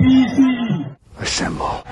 APC. Assemble.